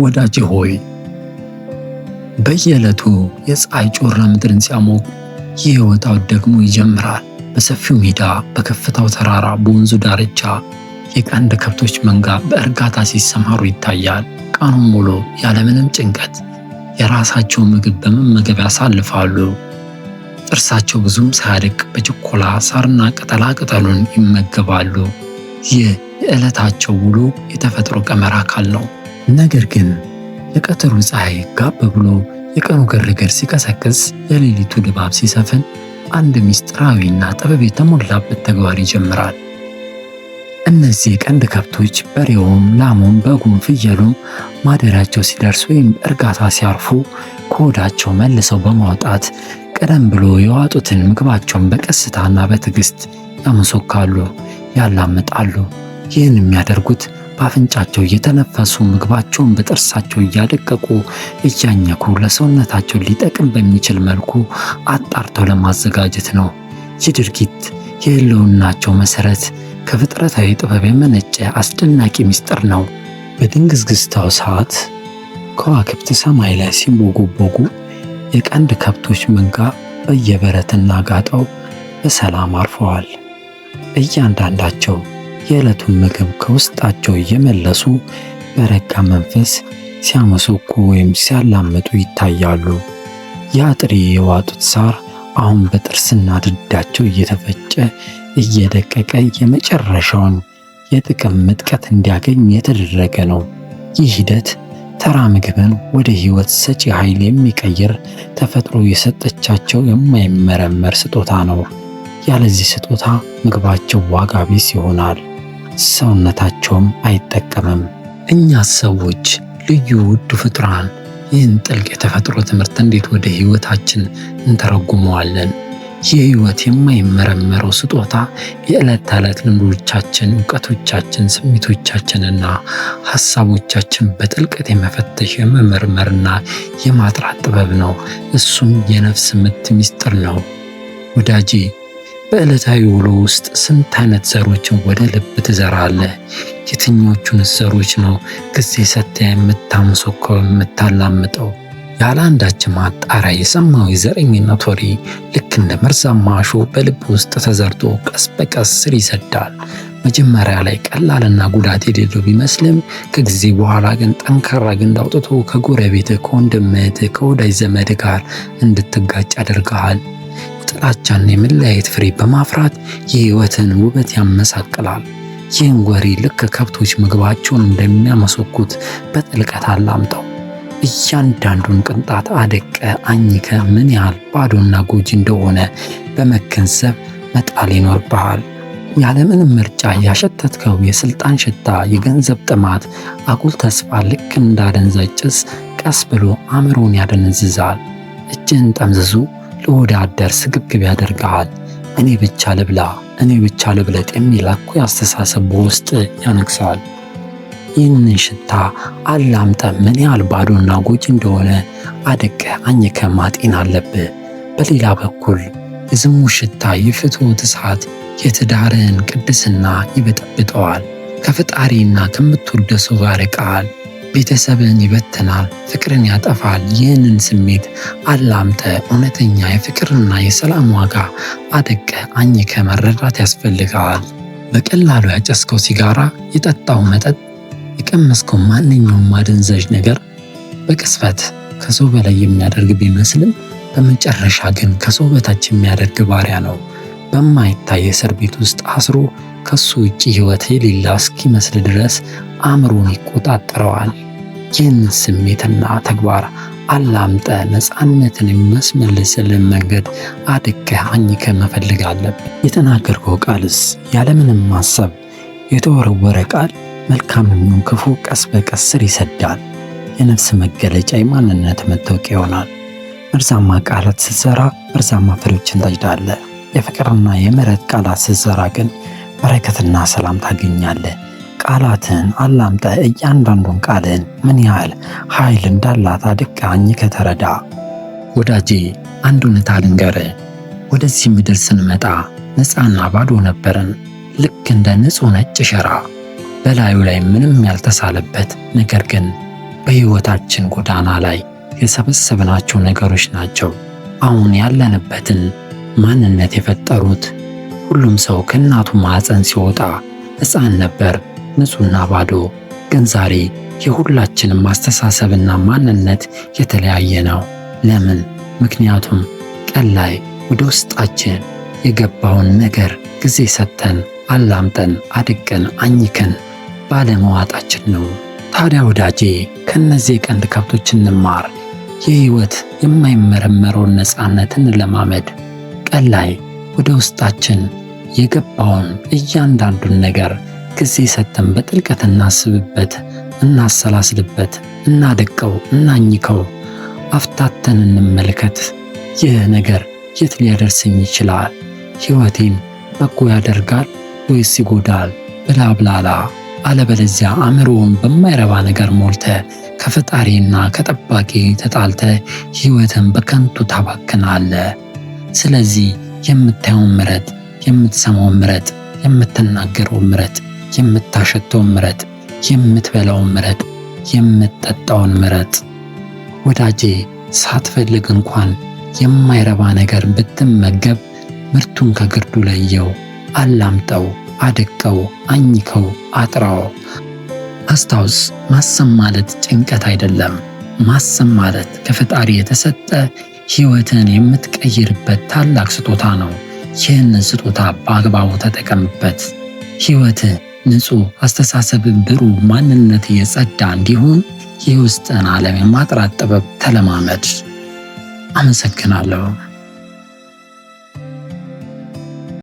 ወዳጄ ሆይ በየዕለቱ የፀሐይ ጮራ ምድርን ሲያሞቅ ይህ የወጣው ደግሞ ይጀምራል። በሰፊው ሜዳ፣ በከፍታው ተራራ፣ በወንዙ ዳርቻ የቀንድ ከብቶች መንጋ በእርጋታ ሲሰማሩ ይታያል። ቀኑን ሙሉ ያለምንም ጭንቀት የራሳቸውን ምግብ በመመገብ ያሳልፋሉ። ጥርሳቸው ብዙም ሳያድቅ በችኮላ ሳርና ቅጠላ ቅጠሉን ይመገባሉ። ይህ የዕለታቸው ውሎ የተፈጥሮ ቀመር አካል ነው። ነገር ግን የቀትሩ ፀሐይ ጋብ ብሎ የቀኑ ግርግር ሲቀሰቅስ፣ የሌሊቱ ድባብ ሲሰፍን፣ አንድ ምስጢራዊና ጥበብ የተሞላበት ተግባር ይጀምራል። እነዚህ የቀንድ ከብቶች በሬውም፣ ላሙም፣ በጉም፣ ፍየሉም ማደሪያቸው ሲደርስ ወይም እርጋታ ሲያርፉ ከሆዳቸው መልሰው በማውጣት ቀደም ብሎ የዋጡትን ምግባቸውን በቀስታና በትዕግስት ያመሶካሉ፣ ያላምጣሉ። ይህን የሚያደርጉት በአፍንጫቸው እየተነፈሱ ምግባቸውን በጥርሳቸው እያደቀቁ እያኘኩ ለሰውነታቸው ሊጠቅም በሚችል መልኩ አጣርተው ለማዘጋጀት ነው። ይህ ድርጊት የህልውናቸው መሰረት ከፍጥረታዊ ጥበብ የመነጨ አስደናቂ ምስጢር ነው። በድንግዝግዝታው ሰዓት ከዋክብት ሰማይ ላይ ሲንቦጎቦጉ የቀንድ ከብቶች መንጋ በየበረትና ጋጠው በሰላም አርፈዋል። እያንዳንዳቸው የዕለቱን ምግብ ከውስጣቸው እየመለሱ በረጋ መንፈስ ሲያመሰኩ ወይም ሲያላምጡ ይታያሉ። የአጥሪ የዋጡት ሳር አሁን በጥርስና ድዳቸው እየተፈጨ እየደቀቀ የመጨረሻውን የጥቅም ምጥቀት እንዲያገኝ የተደረገ ነው። ይህ ሂደት ተራ ምግብን ወደ ሕይወት ሰጪ ኃይል የሚቀይር ተፈጥሮ የሰጠቻቸው የማይመረመር ስጦታ ነው። ያለዚህ ስጦታ ምግባቸው ዋጋ ቢስ ይሆናል። ሰውነታቸውም አይጠቀምም። እኛ ሰዎች ልዩ ውዱ ፍጡራን ይህን ጥልቅ የተፈጥሮ ትምህርት እንዴት ወደ ሕይወታችን እንተረጉመዋለን? የሕይወት የማይመረመረው ስጦታ የዕለት ተዕለት ልምዶቻችን፣ እውቀቶቻችን፣ ስሜቶቻችንና ሐሳቦቻችን በጥልቀት የመፈተሽ የመመርመርና የማጥራት ጥበብ ነው። እሱም የነፍስ ምት ምስጢር ነው። ወዳጄ በዕለታዊ ውሎ ውስጥ ስንት አይነት ዘሮችን ወደ ልብ ትዘራለህ? የትኞቹን ዘሮች ነው ጊዜ ሰጥተህ የምታመሰኮው የምታላምጠው? ያለ አንዳች ማጣሪያ የሰማው ዘረኝነት ወሬ ልክ እንደ መርዛማ እሾህ በልብ ውስጥ ተዘርቶ ቀስ በቀስ ስር ይሰዳል። መጀመሪያ ላይ ቀላልና ጉዳት የሌለው ቢመስልም ከጊዜ በኋላ ግን ጠንካራ ግንድ አውጥቶ ከጎረቤትህ፣ ከወንድምህት፣ ከወዳጅ ዘመድ ጋር እንድትጋጭ ያደርግሃል። የጥላቻን የመለያየት ፍሬ በማፍራት የህይወትን ውበት ያመሳቅላል። ይህን ወሬ ልክ ከብቶች ምግባቸውን እንደሚያመሰኩት በጥልቀት አላምጠው። እያንዳንዱን ቅንጣት አደቀ አኝከ ምን ያህል ባዶና ጎጂ እንደሆነ በመገንዘብ መጣል ይኖርብሃል። ያለምንም ምርጫ ያሸተትከው የስልጣን ሽታ፣ የገንዘብ ጥማት፣ አጉል ተስፋ ልክ እንዳደንዘ ጭስ ቀስ ብሎ አእምሮን ያደነዝዛል። እጅን ጠምዝዙ ልወደ አዳር ስግብግብ ያደርግሃል። እኔ ብቻ ልብላ፣ እኔ ብቻ ልብለጥ የሚል እኩ አስተሳሰብ በውስጥ ያነግሰዋል። ይህንን ሽታ አላምጠ ምን ያህል ባዶና ጎጂ እንደሆነ አደቀ አኝከ ማጤን አለብህ። በሌላ በኩል የዝሙ ሽታ የፍትወት እሳት የትዳርህን ቅድስና ይበጠብጠዋል፣ ከፈጣሪና ከምትወደሰው ጋር ያርቃል። ቤተሰብን ይበትናል፣ ፍቅርን ያጠፋል። ይህንን ስሜት አላምተ እውነተኛ የፍቅርና የሰላም ዋጋ አደቀ አኝከ መረዳት ያስፈልጋል። በቀላሉ ያጨስከው ሲጋራ፣ የጠጣው መጠጥ፣ የቀመስከው ማንኛውም ማደንዘዥ ነገር በቅስፈት ከሰው በላይ የሚያደርግ ቢመስልም በመጨረሻ ግን ከሰው በታች የሚያደርግ ባሪያ ነው። በማይታይ እስር ቤት ውስጥ አስሮ ከሱ ውጭ ሕይወት የሌላ እስኪመስል ድረስ አእምሮን ይቆጣጠረዋል። ይህን ስሜትና ተግባር አላምጠ ነፃነትን የሚያስመልስልን መንገድ አድከ አኝከ መፈለግ አለብን። የተናገርከው ቃልስ ያለምንም ማሰብ የተወረወረ ቃል መልካም ክፉ ቀስ በቀስ ስር ይሰዳል። የነፍስ መገለጫ የማንነት መታወቂያ ይሆናል። መርዛማ ቃላት ስትዘራ መርዛማ ፍሬዎችን ታጭዳለህ። የፍቅርና የምሕረት ቃላት ስትዘራ ግን በረከትና ሰላም ታገኛለህ። ቃላትን አላምጠ እያንዳንዱን ቃልን ምን ያህል ኃይል እንዳላት አድቃኝ ከተረዳ። ወዳጄ አንድ እውነት ልንገር፣ ወደዚህ ምድር ስንመጣ ነፃና ባዶ ነበርን፣ ልክ እንደ ንጹሕ ነጭ ሸራ በላዩ ላይ ምንም ያልተሳለበት። ነገር ግን በሕይወታችን ጎዳና ላይ የሰበሰብናቸው ነገሮች ናቸው አሁን ያለንበትን ማንነት የፈጠሩት። ሁሉም ሰው ከእናቱ ማኅፀን ሲወጣ ሕፃን ነበር፣ ንጹሕና ባዶ። ግን ዛሬ የሁላችንም አስተሳሰብና ማንነት የተለያየ ነው። ለምን? ምክንያቱም ቀን ላይ ወደ ውስጣችን የገባውን ነገር ጊዜ ሰጥተን አላምጠን አድቀን አኝከን ባለመዋጣችን ነው። ታዲያ ወዳጄ ከእነዚህ የቀንድ ከብቶች እንማር። የሕይወት የማይመረመረውን ነፃነትን ለማመድ ቀን ላይ ወደ ውስጣችን የገባውን እያንዳንዱን ነገር ጊዜ ሰጥተን በጥልቀት እናስብበት፣ እናሰላስልበት፣ እናደቀው፣ እናኝከው፣ አፍታተን እንመልከት። ይህ ነገር የት ሊያደርሰኝ ይችላል? ሕይወቴን በጎ ያደርጋል ወይስ ይጎዳል? ብላብላላ አለበለዚያ አእምሮውን በማይረባ ነገር ሞልተ ከፈጣሪና ከጠባቂ ተጣልተ ሕይወትን በከንቱ ታባክናለ። ስለዚህ የምታየውን ምረጥ። የምትሰማው ምረጥ፣ የምትናገረው ምረጥ፣ የምታሸተው ምረጥ፣ የምትበላው ምረጥ፣ የምትጠጣውን ምረጥ። ወዳጄ ሳትፈልግ እንኳን የማይረባ ነገር ብትመገብ ምርቱን ከግርዱ ለየው፣ አላምጠው፣ አድቀው፣ አኝከው፣ አጥራው። አስታውስ፣ ማሰብ ማለት ጭንቀት አይደለም። ማሰብ ማለት ከፈጣሪ የተሰጠ ሕይወትን የምትቀይርበት ታላቅ ስጦታ ነው። ይህንን ስጦታ በአግባቡ ተጠቀምበት። ህይወት ንጹህ፣ አስተሳሰብ ብሩህ፣ ማንነት የጸዳ እንዲሆን የውስጥን ዓለም የማጥራት ጥበብ ተለማመድ። አመሰግናለሁ።